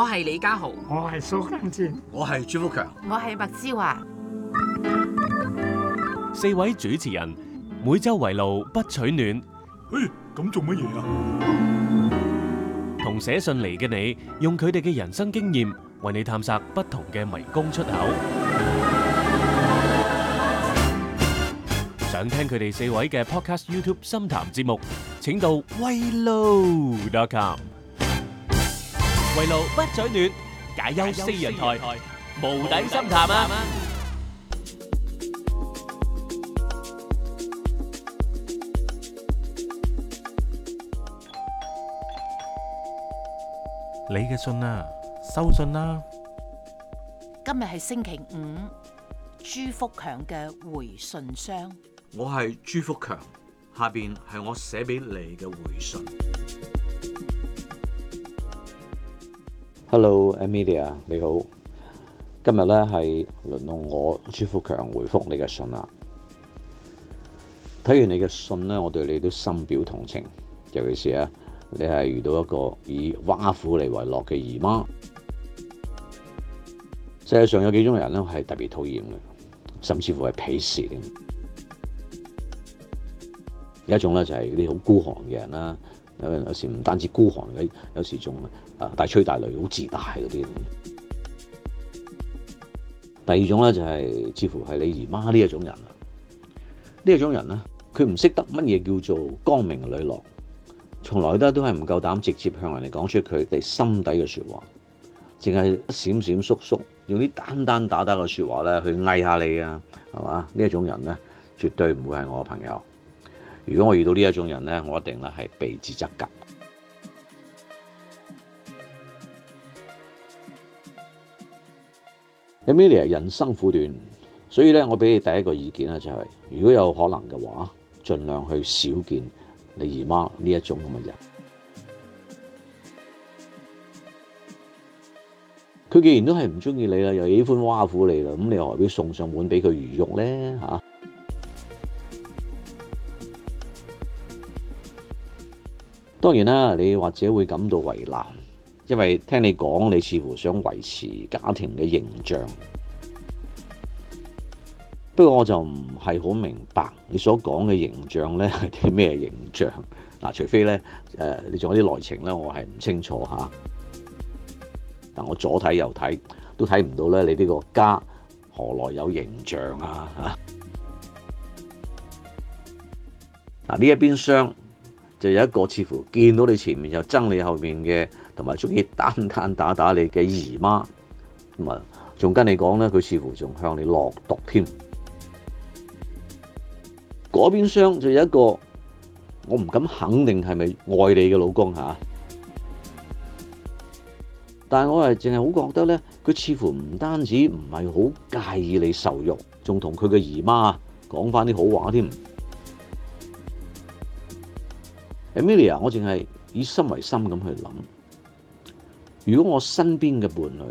我係李家豪，我係蘇文志，我係朱福強，我係麥之華。四位主持人每周圍爐不取暖。哎，咁做乜嘢啊？同寫信嚟嘅你，用佢哋嘅人生經驗為你探索不同嘅迷宮出口。想聽佢哋四位嘅 Podcast YouTube 深談節目，請到 weiluo.com。為路不取暖，解憂四人台，無底深潭啊！你嘅信啊，收信啦！今日係星期五，朱福強嘅回信箱。我係朱福強，下邊係我寫俾你嘅回信。Hello，Amelia，你好。今日咧，係輪到我朱福強回覆你嘅信啦。睇完你嘅信咧，我對你都深表同情。尤其是啊，你係遇到一個以挖苦嚟為樂嘅姨媽。世界上有幾種人咧，係特別討厭嘅，甚至乎係鄙視嘅。有一種咧，就係啲好孤寒嘅人啦。有時唔單止孤寒嘅，有時仲啊大吹大擂，好自大啲。第二種咧就係、是，似乎係你姨媽呢一種人啦。呢一種人咧，佢唔識得乜嘢叫做光明磊落，從來都都係唔夠膽直接向人哋講出佢哋心底嘅説話，淨係閃閃縮縮，用啲單單打打嘅説話咧去偽下你啊，係嘛？呢一種人咧，絕對唔會係我嘅朋友。如果我遇到呢一種人呢，我一定咧係避之則吉。Emilia 人生苦短，所以呢，我俾你第一個意見咧就係、是，如果有可能嘅話，儘量去少見你姨媽呢一種咁嘅人。佢既然都係唔中意你啦，又喜歡挖苦你啦，咁你何必送上門俾佢魚肉呢？嚇！當然啦，你或者會感到為難，因為聽你講，你似乎想維持家庭嘅形象。不過我就唔係好明白你所講嘅形象呢係啲咩形象？除非呢，你仲有啲內情呢，我係唔清楚嚇。但我左睇右睇都睇唔到咧，你呢個家何來有形象啊？嚇！嗱，呢一邊廂。就有一個似乎見到你前面又憎你後面嘅，同埋鍾意單單打打你嘅姨媽，咁啊，仲跟你講咧，佢似乎仲向你落毒添。嗰邊廂就有一個，我唔敢肯定係咪愛你嘅老公嚇、啊，但係我係淨係好覺得咧，佢似乎唔單止唔係好介意你受辱，仲同佢嘅姨媽講返啲好話添。Emilia，我淨係以心為心咁去諗。如果我身邊嘅伴侶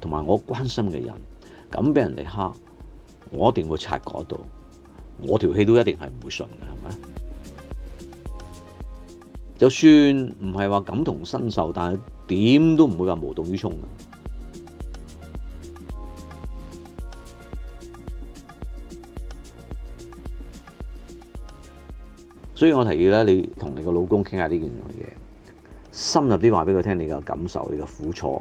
同埋我關心嘅人咁俾人哋蝦，我一定會察覺到，我條氣都一定係唔會順嘅，係咪？就算唔係話感同身受，但係點都唔會話無動於衷嘅。所以我提議咧，你同你個老公傾下呢件樣嘢，深入啲話俾佢聽你嘅感受，你嘅苦楚，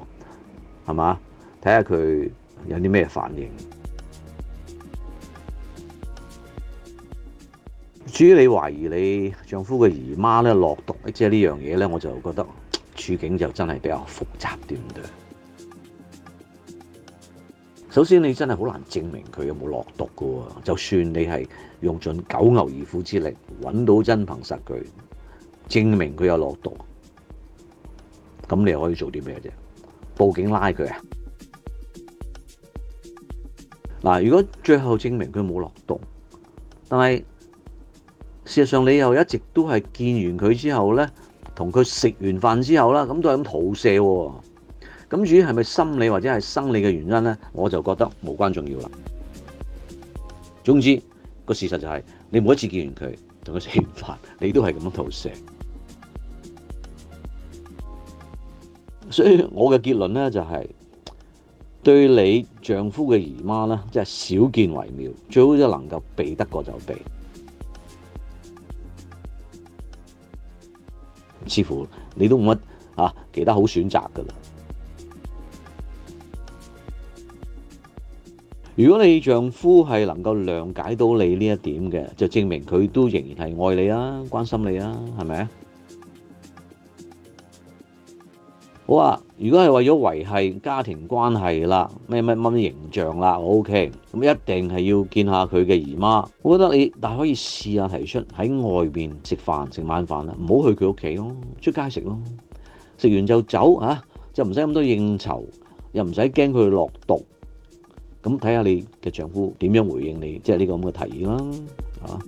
係嘛？睇下佢有啲咩反應。 至於你懷疑你丈夫嘅姨媽咧落毒，即係呢樣嘢咧，我就覺得處境就真係比較複雜啲，對唔對？首先，你真係好難證明佢有冇落毒㗎喎。就算你係用盡九牛二虎之力揾到真憑實據，證明佢有落毒，咁你又可以做啲咩啫？報警拉佢啊！嗱，如果最後證明佢冇落毒，但係事實上你又一直都係見完佢之後咧，同佢食完飯之後啦，咁都係咁肚痾喎。咁至於係咪心理或者係生理嘅原因咧，我就覺得無關重要啦。總之個事實就係、是、你每一次見完佢，同佢食完飯，你都係咁樣吐瀉。所以我嘅結論咧就係、是、對你丈夫嘅姨媽咧，即係少見為妙，最好就能夠避得過就避師，似乎你都冇乜啊其他好選擇噶啦。如果你丈夫係能夠諒解到你呢一點嘅，就證明佢都仍然係愛你啊，關心你啊，係咪啊？好啊，如果係為咗維係家庭關係啦，咩咩乜乜形象啦，OK，咁一定係要見下佢嘅姨媽。我覺得你但係可以試下提出喺外邊食飯食晚飯啦，唔好去佢屋企咯，出街食咯，食完就走嚇、啊，就唔使咁多應酬，又唔使驚佢落毒。咁睇下你嘅丈夫點樣回應你，即係呢個咁嘅提議啦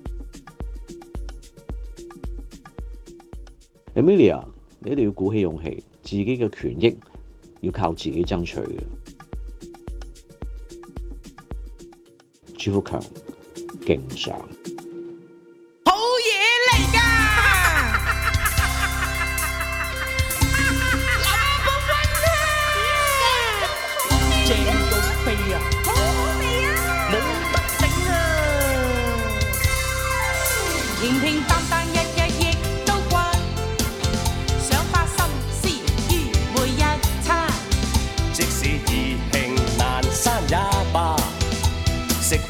，Emilia，你一定要鼓起勇氣，自己嘅權益要靠自己爭取嘅。朱福強勁賞。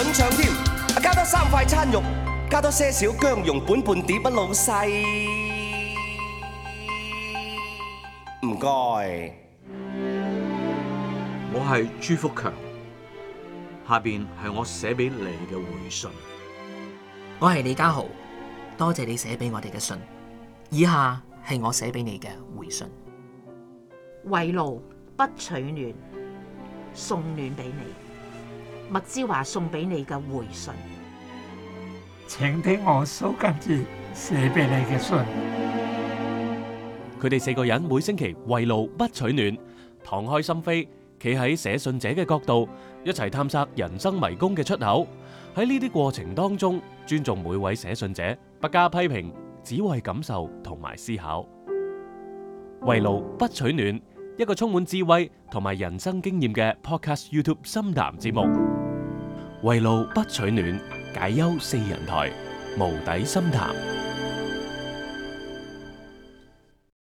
准唱添，加多三塊餐肉，加多些少薑蓉，半半碟不老細。唔該，我係朱福強，下邊係我寫俾你嘅回信。我係李家豪，多謝你寫俾我哋嘅信，以下係我寫俾你嘅回信。圍爐不取暖，送暖俾你。麥之華送俾你嘅回信，請聽我收今次寫俾你嘅信。佢哋四個人每星期圍爐不取暖，敞開心扉，企喺寫信者嘅角度，一齊探索人生迷宮嘅出口。喺呢啲過程當中，尊重每位寫信者，不加批評，只為感受同埋思考。圍爐不取暖，一個充滿智慧同埋人生經驗嘅 Podcast YouTube 深談節目。為路不取暖，解憂四人抬，無底深潭。